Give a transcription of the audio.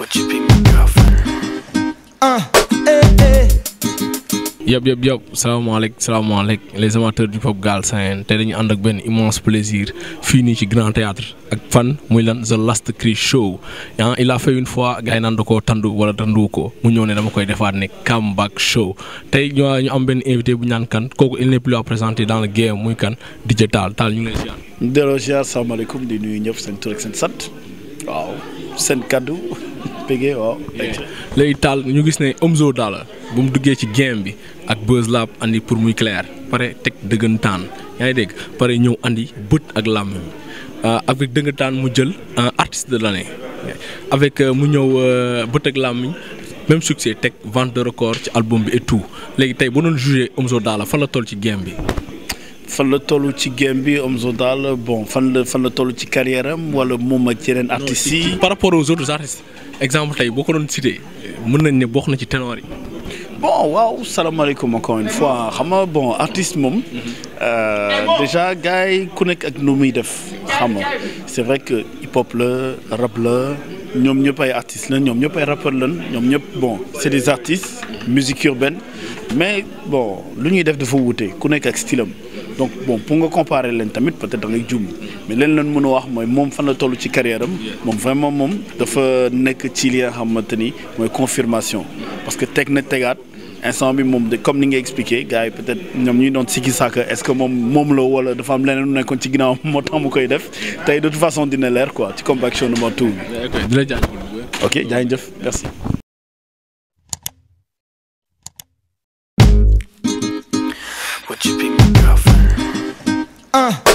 Would you be my girlfriend? Uh, eh, eh. yëpp yëpp yëpp salaamaaleykum salaamaaleykum les amateurs du pop Galsen te dañu ànd ak benn immense plaisir fii nii ci grand théâtre ak fan muy lan The Last Cri Show ah, il a fait une fois gars da koo tandu wala tandu ko mu ñëw ne dama koy defaat ne comeback show tey ñu am benn invité bu ñaan kan kooku il n'est plus à présenter dans le game muy kan DJ Tall ñu ngi lay ziar. delloo ziar salaamaaleykum di nuyu ñëpp seen tur ak seen sant waaw seen kaddu pégé waaw. léegi taal ñu gis ne Omzo daal bu mu duggee ci game bi ak Buzz Lab andi pour muy clair pare teg dëggantaan yaa ngi dégg pare ñëw andi bët ak làmm euh, avec dëggantaan mu jël euh, artiste de l'année avec euh, mu ñëw bët ak làmmiñ même succès teg vente de record ci album bi et léegi tey boo doon jugé Omzo Dollar fan la toll ci game bi. fan la toll ci gembi am Omzo bon fan la fan la toll ci carrière am wala moom ci yeneen artistes par rapport aux autres artistes exemple tay boo ko doon cité mën nañ ne bokk na ci tenor yi. bon waaw salaamaaleykum encore une fois xam nga bon artiste mhm. euh déjà gars yi ku nek ak nu muy def xam nga c'est vrai que hip hop le rap le ñom ñëpp ay artistes la ñoom ñëpp ay rappeurs la ñom ñëpp bon c'est des artistes musique urbaine mais bon lu ñuy def dafa wuute ku nekk ak style donc bon pour comparer leen peut-être da ngay djum mais veux dire, mëna wax suis mom fan la tollu ci carrière vraiment dafa nekk ci li nga confirmation parce que technique na instant bi mom de comme ni nga expliqué peut-être ñom ñuy don sikki est-ce que mom la wala dafa am leneen nekkon ci ginaaw def de toute façon dina quoi ci compaction numéro ok merci. Would you be my girlfriend? Uh.